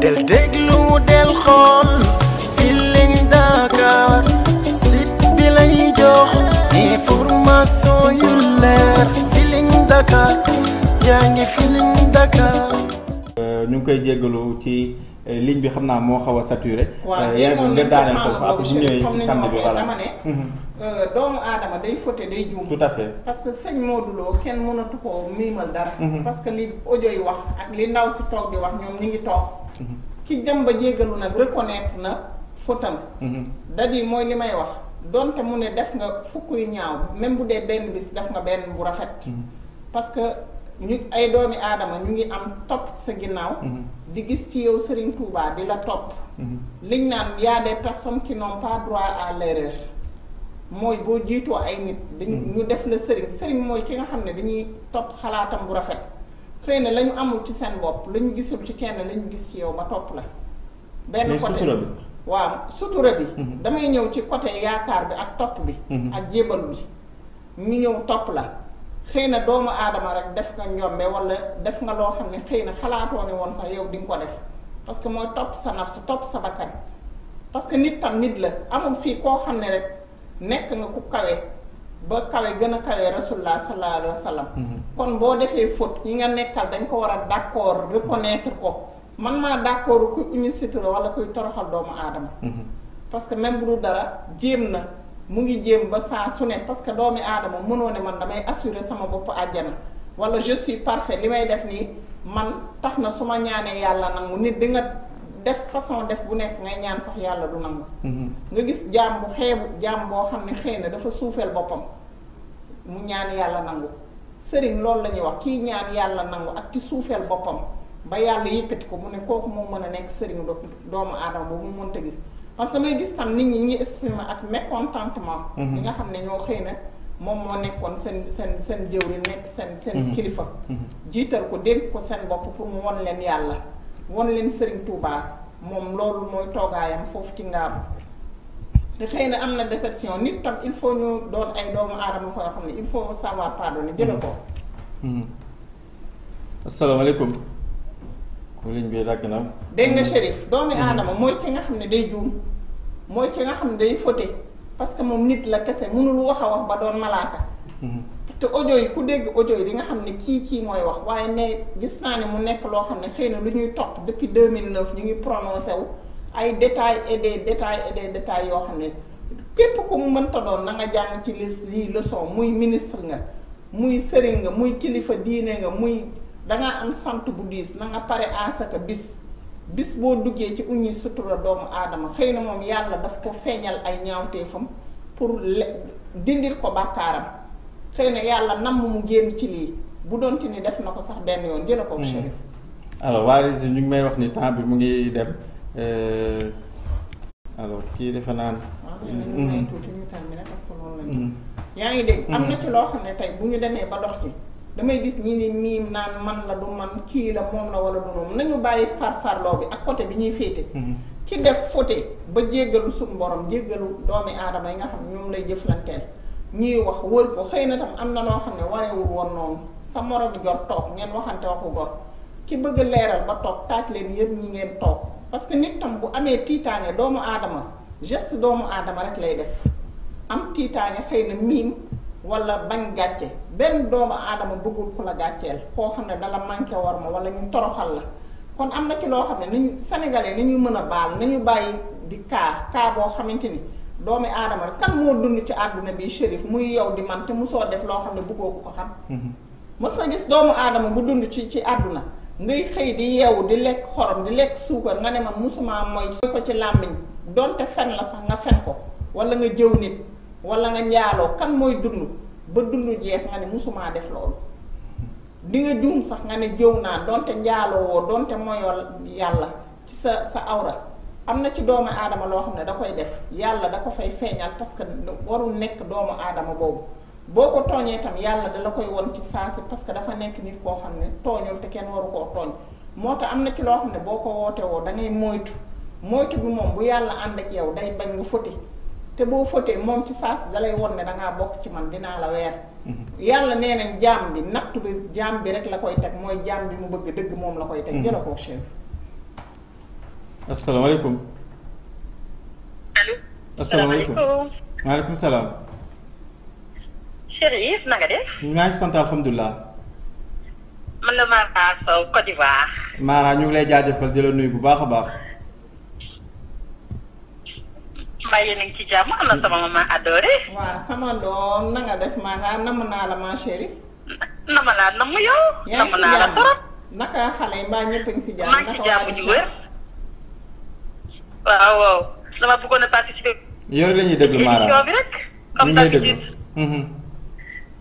del déglu del xool Feeling Dakar site bi lay jox information yu leer Feeling Dakar yaa ngi Feeling Dakar. Euh, ñu ngi koy jéggalu ci. Euh, ligne bi xam naa moo xaw a saturé. waaw yaa ngi nga daaneel foofu après bu ñëwee ci sànni bi voilà dama ne. Mhm. Euh, doomu aadama day fauté day juum. tout à fait parce que sëñ Modou kenn mënatu koo miimal dara. Mhm. parce que li audio yi wax ak li ndaw si toog bi wax ñoom ñu ngi toog. Mhm. ki jëm ba jéggalu nag reconnaître na fautam. dadi mooy li may wax donte mu ne def nga fukk yu ñaaw même bu dee benn bis def nga benn bu rafet. parce ñu ay doomi aadama ñu ngi am topp sa ginnaaw mhm. di gis ci yow Serigne Touba di la topp mhm. liñ naan yaa a des personnes qui pas droit à l'erreur mooy boo jiitoo ay nit dañ mhm. ñu def la sëriñ sëriñ mooy ki nga xam ne dañuy topp xalaatam bu rafet xëy na la amul ci seen bopp lañu ñu gisul ci kenn la gis ci yow ba topp la benn côté waa waaw sutura bi damay ñëw ci côté yaakaar bi ak topp bi ak jébalu bi ñu ñëw topp la xëy na doomu aadama rek def nga njombe wala def nga loo xam ne xëy na xalaatoo ne woon sax yow di nga ko def parce que mooy topp sa nafsu topp sa bakkan parce que nit tam nit la amul fii koo xam ne rek nekk nga ku kawe ba kawe gën a kawe rasulullah sallallahu alayhi wa mhm. kon boo defee fóot yi nga nekkal dañ ko war a d'accord reconnaître ko man maa d'accord kuy uñu sutura wala kuy toroxal doomu aadama mhm. parce que même dara jéem na mu ngi jéem ba saa su ne parce que doomi aadama mënoo ne man damay assurer sama bopp àjjana wala je suis parfait li may def nii man tax na su ma ñaanee yàlla nangu nit danga def façon def bu nekk ngay ñaan sax yàlla du nangu. Mm-hmm. nga gis jaam bu xeebu jaam boo xam ne xëy na dafa suufeel boppam mu ñaan yàlla nangu sëriñ loolu la ñuy wax kii ñaan yàlla nangu ak ki suufeel boppam ba yàlla yëkkati ko mu ne kooku moo mën a nekk sëriñ doomu aadama boobu mu mënta gis. parce que damay gis tam nit ñi ñuy exprimer ak mécontentement. li mhm. nga xam ne ñoo xëy na moom moo nekkoon seen seen seen jëwriñ nekk seen. seen mhm. kilifa. Mhm. jiital ko dégg ko seen bopp pour mu won leen yàlla won leen Serigne Touba moom loolu mooy toogaayam foofu ci ngaam te xëy na am na déception nit tam il faut ñu doon ay doomu aadama foo xam ne il faut savoir pardonner jële ko. asalaamaaleykum. liñ bi dagg na. dégg nga shérif mm. doomi aadama mm. mooy ki nga xam ne day juum mooy ki nga xam ne day fote parce que moom nit la kese mënul wax a wax ba doon malaaka. Mm-hmm. te audio ku dégg audio yi di nga xam ne kii kii mooy wax waaye ne gis naa ne mu nekk loo xam ne xëy na lu ñuy topp depuis 2009 ñu ngi prononcé wu ay détails et des détails et des détails yoo xam ne képp ko mu mënta doon na nga jàng ci les lii leçon muy ministre nga muy sëriñ nga muy kilifa diine nga muy. dangaa am sant bu diis na nga pare asaka bis bis boo duggee ci uñuy sutura doomu aadama xëy na moom yàlla daf ko feeñal ay ñaawteefam pour le dindil ko bàkkaaram xëy na yàlla namm mu génn ci lii bu doonte ni def na ko sax benn yoon jëla ko hmm. Chérif alors waaye ñu ngi may wax ni temps bi mu ngi dem euh, alors kii defe naan ah, hmm. yaa ngi dégg am na hmm. ci loo xam ne tey bu ñu demee ba dox ci damay gis ñi ni mii naan man la du man kii la moom la wala du moom nañu bàyyi farfarloo bi ak côté bi ñuy féete. Mhm. ki def fote ba jéggalu suñu borom jéggalu doomi aadama yi nga xam ñoom lay jëflanteel ñuy wax wër ko xëy na tam am na noo xam ne warewul woon noonu sa morom jor toog ngeen waxante waxu gor ki bëgg leeral ba toog taaj leen yëpp ñi ngeen toog parce que nit tam bu amee tiitaange doomu aadama geste doomu aadama rek lay def am tiitaange xëy na miim wala bañ gàcce benn doomu aadama bëggul ku la gàcceel koo xam ne dala manqué wor ma wala ñu toroxal la kon am na ci loo xam ne ñu nañu sénégalais nañu mën a baal na nañu bàyyi di kaa kaa boo xamante ni doomi aadama rek kan moo dund ci àdduna bi shérif muy yow di man te mosoo def loo xam ne bëggoo ko xam mës mm-hmm. nga gis doomu aadama bu dund ci ci àdduna ngay xëy di yeewu di lekk xorom di lekk suukar nga ne ma musuma mooy ko ci làmmiñ donte fen la sax nga fen ko wala nga jëw nit wala nga njaaloo kan mooy dund ba dund jeex nga ne musumaa def loolu di nga juum sax nga ne jëw naa donte njaaloo donte moyoo yàlla sa sa awra am na ci doomu aadama loo xam ne da koy def yàlla da ko fay feeñal parce que warul nekk doomu aadama boobu boo ko tooñee tam yàlla da dala koy won ci saasi parce que dafa nekk nit koo xam ne tooñul te kenn waru koo tooñ moo tax am na ci loo xam ne boo ko wootee woo da ngay moytu moytu bi moom bu yàlla ànd ak yow day bañ nga foti te boo fóotee moom ci saas dalay won ne dangaa bokk ci man dinaa la weer mm-hmm. yàlla nee nañ jaam bi nattu bi jaam bi rek la koy teg mooy jaam bi mu bëgg dëgg moom la koy teg mm-hmm. jëla ko chef asalaamaaleykum allo asalaamaaleykum maaleykum salaam Chérif na sant alhamdulilah man la Mara Sow Côte ñu ngi lay jaajëfal di la nuyu bu baax a baax maa yéen a ngi ci jàmm ana sama maman adoré. waaw sama doom na nga def maanaam namm naa la ma chérie. nama naa namm yow. namm naa la trop. naka xale mbaa ñëpp a ngi si jàmm. maa ngi waaw waaw bëggoon a participer. yore la bi rek. comme d'habitude. Mm-hmm.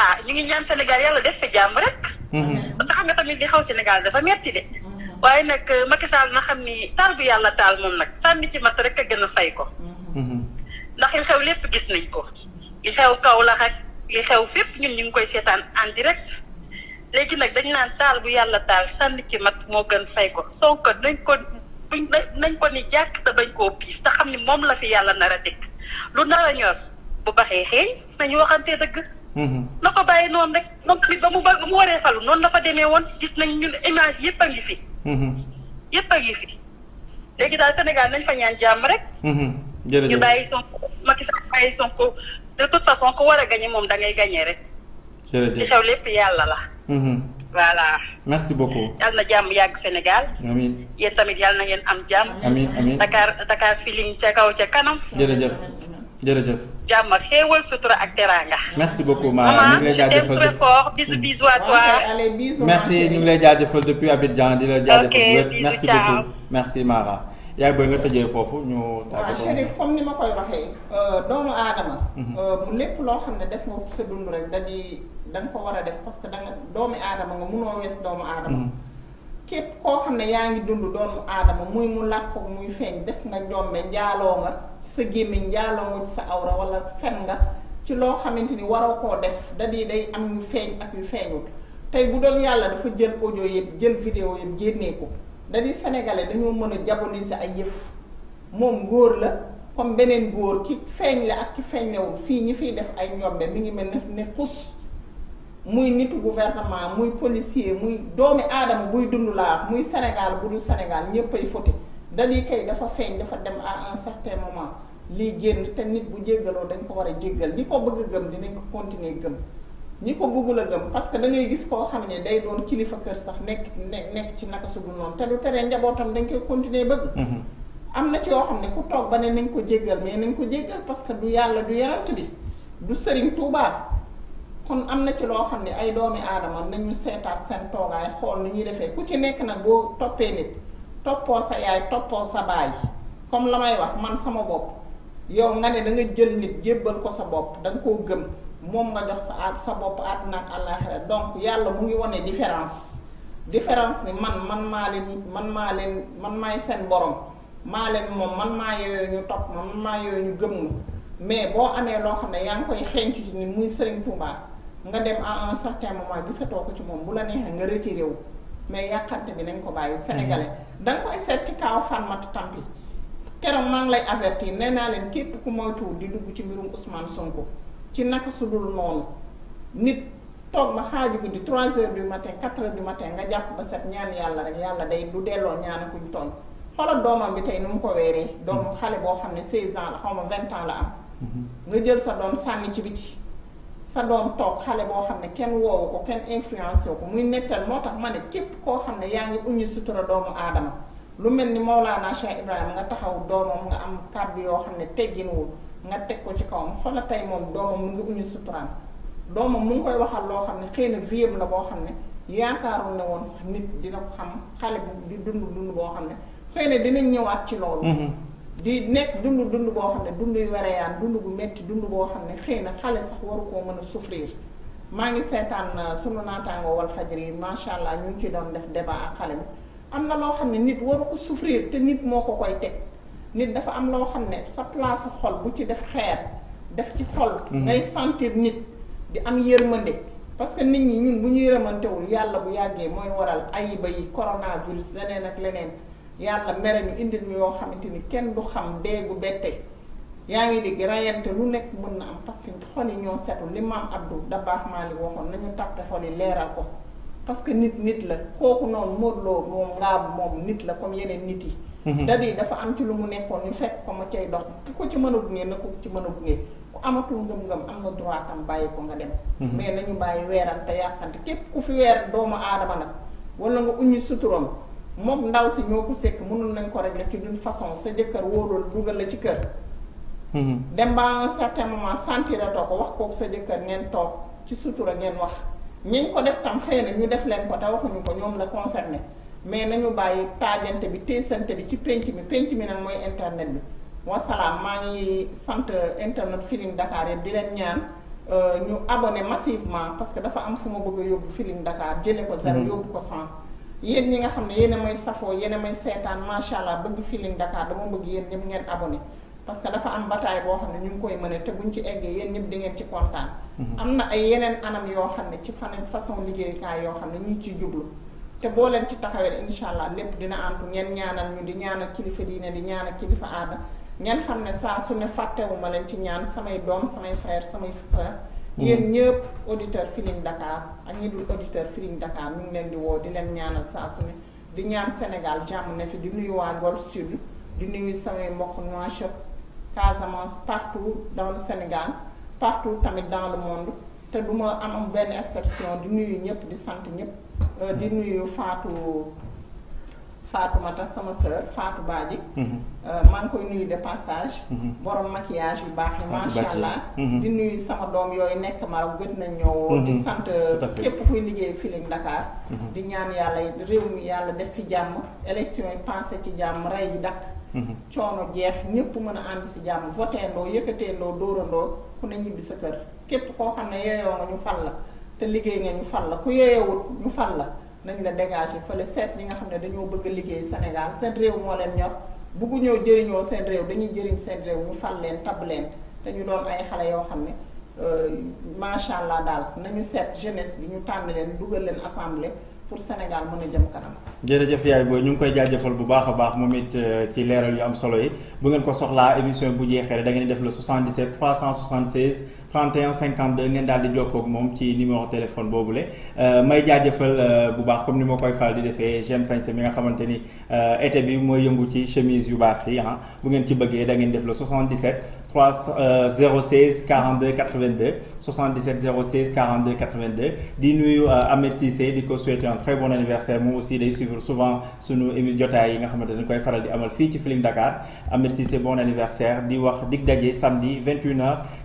ah ngi ñaan Sénégal yàlla def fa jàmm rek. Mm-hmm. parce tamit li xaw Sénégal dafa metti mm-hmm. waaye nag Macky Sall na xam ni taal bu yàlla taal moom nag sànni ci mat rek a gën a fay ko. ndax li xew lépp gis nañ ko li xew Kaolack ak li xew fépp ñun ñu ngi koy seetaan en direct léegi nag dañ naan taal bu yàlla taal sànni ci mat moo gën fay ko Sonko nañ ko nañ ko ni jàkk te bañ koo piis te xam ni moom la fi yàlla nar teg lu nar a ñor bu baxee xeeñ nañu waxantee dëgg na ko bàyyi noonu rek moom tamit ba mu ba mu waree falu noonu la fa demee woon gis nañ ñun image yëpp a ngi fi mhm. yëpp a ngi fi léegi daal Sénégal nañ fa ñaan jàmm rek mhm. jërëjëf ñu bàyyi Sonko Macky Sall bàyyi Sonko de toute façon ku war a gañe moom da ngay gañe rek. jërëjëf li xew lépp yàlla la. Mm-hmm. voilà. merci beaucoup. yal na jàmm yàgg Sénégal. amiin yéen tamit yal na ngeen am jàmm. amiin amiin Dakar Dakar Feeling ca kaw ca kanam. jërëjëf jërëjëf. jàmm ak xéewal sutura ak teraanga. merci beaucoup maa ñu ngi lay jaajëfal très fort bisous bisous à toi. allez merci ñu ngi lay jaajëfal depuis Abidjan di la jaajëfal. ok merci beaucoup merci Mara. yaay booy nga tëjee foofu ñu. waaw Chérif comme ni ma koy waxee. Euh, doomu mhm. euh, lépp loo xam ne def nga ko sa dund rek da di ko war a def parce que da nga doomi aadama nga munoo wees doomu aadama. Mhm. képp koo xam ne yaa ngi dund doomu aadama muy mu làkk muy feeñ def nga njombe njaaloo nga sa gémmiñ njaaloo nga sa awra wala fen nga ci loo xamante ni waroo koo def da day am yu feeñ ak yu feeñul tey bu doon yàlla dafa jël audio yëpp jël vidéo yëpp génnee dañuy sénégalais dañoo mën a diaboliser ay yëf moom góor la comme beneen góor ki feeñ la ak ki feeñewul fii ñi fiy def ay ñombe mi ngi mel ne xus muy nitu gouvernement muy policier muy doomi aadama buy dund laa muy Sénégal bu dul Sénégal ñépp ay foti dañuy kay dafa feeñ dafa dem à un certain moment lii génn te nit bu jéggaloo dañ ko war a jéggal li ko bëgg gëm dinañ ko continuer gëm ñi ko bëggul a gëm parce que da ngay gis koo xam ne day doon kilifa kër sax nekk nekk ci naka sugul noonu te lu teree njabootam dañ koy continuer bëgg. Mhm. am na ci yoo xam ne ku ba ne nañ ko jéggal mais nañ ko jéggal parce que du yàlla du yarant bi du sëriñ Tuubaa kon am na ci loo xam ne ay doomi aadama nañu seetaat seen toogaay xool nu ñuy defee ku ci nekk nag boo toppee nit toppoo sa yaay toppoo sa baay comme la may wax man sama bopp yow nga ne da nga jël nit jébbal ko sa bopp da koo gëm. moom nga jox sa at sa bopp àdduna ak àllaaxira donc yàlla mu ngi wane différence différence ni man man maa leen man maa leen man maay seen borom maa leen moom man maa yooyu ñu topp ma man maa yooyu ñu gëm ma mais boo amee loo xam ne yaa ngi koy xencu ci ni muy Serigne Touba nga dem à un certain moment gisatoo ko ci moom bu la neexee nga retiré wu mais yàqante bi nañ ko bàyyi sénégalais mm-hmm. da nga koy seet ci kaaw tampi keroog maa ngi lay avertir nee naa leen képp ku moytuwul di dugg ci mbirum Ousmane Sonko ci naka su dul noonu nit toog ba xaaju guddi 3 heures du matin 4 heures du matin nga jàpp ba set ñaan yàlla rek yàlla day du delloo ñaan kuñ ton xoolal doomam bi tey nu mu ko weeree. doom mm-hmm. xale boo xam ne 16 ans la xaw ma vingt ans la am. Mm-hmm. nga jël sa doom sànni ci biti. sa doom toog xale boo xam ne kenn woowu ko kenn influencé ko muy nettal moo tax ma ne képp koo xam ne yaa ngi uñu sutura doomu aadama lu mel ni moo Cheikh Ibrahima nga taxaw doomam nga am kàddu yoo xam ne tegginwul nga teg ko ci kawam xoola tey moom doomam mu ngi uñu suturaan doomam mu ngi koy waxal loo xam ne xëy na viem la boo xam ne yaakaaroon na woon sax nit dina ko xam xale bi di dund dund boo xam ne xëy na dinañ ñëwaat ci loolu mm-hmm. di nekk dund dund boo xam ne dund yu wereyaan dund bu metti dund boo xam ne xëy na xale sax waru koo mën a souffrir maa ngi seetaan uh, sunu naataango wal fajri yi macha allah ñu ngi ci doon def débat ak xale bi am na loo xam ne nit waru ko souffrir te nit moo ko koy teg nit dafa am loo xam ne sa place xol bu ci def xeer def ci xol. Mhm. ngay sentir nit di am yërmande. parce que nit ñi ñun bu ñu yërëmantewul yàlla bu yàggee mooy waral ayiba yi coronavirus leneen ak leneen yàlla mere ñu indi ñu yoo xamante ni kenn du xam deegu bette yaa ngi dégg rayante lu nekk mën na am parce que xol yi ñoo setul li maam Abdou da baax maa li waxoon nañu tàppe xol yi leeral ko parce que nit nit la kooku noonu Modou Lo moom ngaabu moom nit la comme yeneen nit yi Mhm. dadi dafa am ci lu mu nekkoon ñu fekk ko ma cay dox ku ko ci mën a gunge na ku ci mën a gunge ku amatul ngëm-ngëm am nga droit bàyyi ko nga dem mhm. mais nañu bàyyi weerante yàqante képp ku fi weer doomu aadama nag wala nga uñu suturam moom ndaw si ñoo ko sekk mënul nañ ko régler ci d'une façon sa jëkkër wóorul dugal la ci kër mhm. dem ba un certain moment ko wax kook sa jëkkër neen toog ci sutura ngeen wax ñiñ ko def tam xëy na ñu def leen ko te waxuñu ko ñoom la concerné mais nañu bàyyi taajante bi téesante bi ci penc mi penc mi nag mooy internet bi wasalaam maa ngi sant internet Feeling Dakar yëpp di leen ñaan euh, ñu abonné massivement parce que dafa am fu ma bëgg a yóbbu Feeling Dakar jële ko zéro mm-hmm. yóbbu ko cent yéen ñi nga xam ne yéen a may safoo yéen a may seetaan macha allah bëgg Feeling Dakar dama bëgg yéen ñëpp ngeen abonné parce que dafa am bataay boo xam ne ñu ngi koy mën a te buñ ci eggee yéen ñëpp di ngeen ci kontaan. Mm-hmm. am na ay yeneen anam yoo xam ne ci fan façon liggéeyukaay yoo xam ne ñu ngi ciy jublu te boo leen ci taxawee incha allah lépp dina antu ngeen ñaanal ñu di ñaanal kilifa diine di ñaanal kilifa aada ngeen xam ne saa su ne fàttewuma leen ci ñaan samay doom samay frère samay sœur hmm. yéen ñëpp auditeur Feeling Dakar ak ñi dul auditeur Feeling Dakar ñu ngi leen di woo di leen ñaanal saa su ne di ñaan Sénégal jàmm ne fi di nuyu waa Golf Sud di nuyu samay mbokk Nouakchott Casamance partout dans le Sénégal partout tamit dans le monde te du ma am benn exception di nuyu ñëpp sant ñëpp Euh, di nuyu Fatou mata sama sœur faatu Badji. Mhm. Euh, maa ngi koy nuyu de passage. Mhm. borom maquillage yu baax yi macha mhm. di nuyu sama doom yooyu nekk Maroc gëj nañ ñëw. di sant képp koy liggéey Feeling ndakaar di ñaan yàlla réew mi yàlla def fi jàmm élection yi passé ci jàmm rey ji dakk coono jeex ñépp mën a ànd si jàmm voteendoo yëkkateendoo dóorandoo ku ne ñibbi sa kër képp koo xam ne yeyoo ñu fal la. te liggéey nga ñu fal la ku yeewut ñu fal la nañ la dégager fële seet ñi nga xam ne dañoo bëgg liggéey Sénégal seen réew moo leen ñor buggu ñëw jëriñoo seen réew dañuy jëriñ seen réew ñu fal leen tab leen te ñu doon ay xale yoo xam ne euh, macha allah daal nañu seet jeunesse bi ñu tànn leen dugal leen assemblée pour Sénégal mën a jëm kanam. jërëjëf yaay booy ñu ngi koy jaajëfal bu baax a baax moom it euh, ci leeral yu am solo yi bu ngeen ko soxlaa émission bu jeexee da ngeen def le 77 376. 31 52 ngeen daal di jokkoo ak moom ci numéro téléphone boobule euh, may jaajëfal euh, bu baax comme ni ma koy faral di defee j'aime sañse mi nga xamante ni euh, été bi mooy yëngu ci chemise yu baax yi ah bu ngeen ci bëggee da ngeen def le 77 3 016 42 82 77 016 42 82 di nuyu Ahmed Cissé di ko souhaiter un très bon anniversaire moom aussi day suivre souvent sunu émi jotaay yi nga xamante dañ koy faral di amal fii ci Feeling Dakar Ahmed Cissé bon anniversaire di wax dig daje samedi 21h.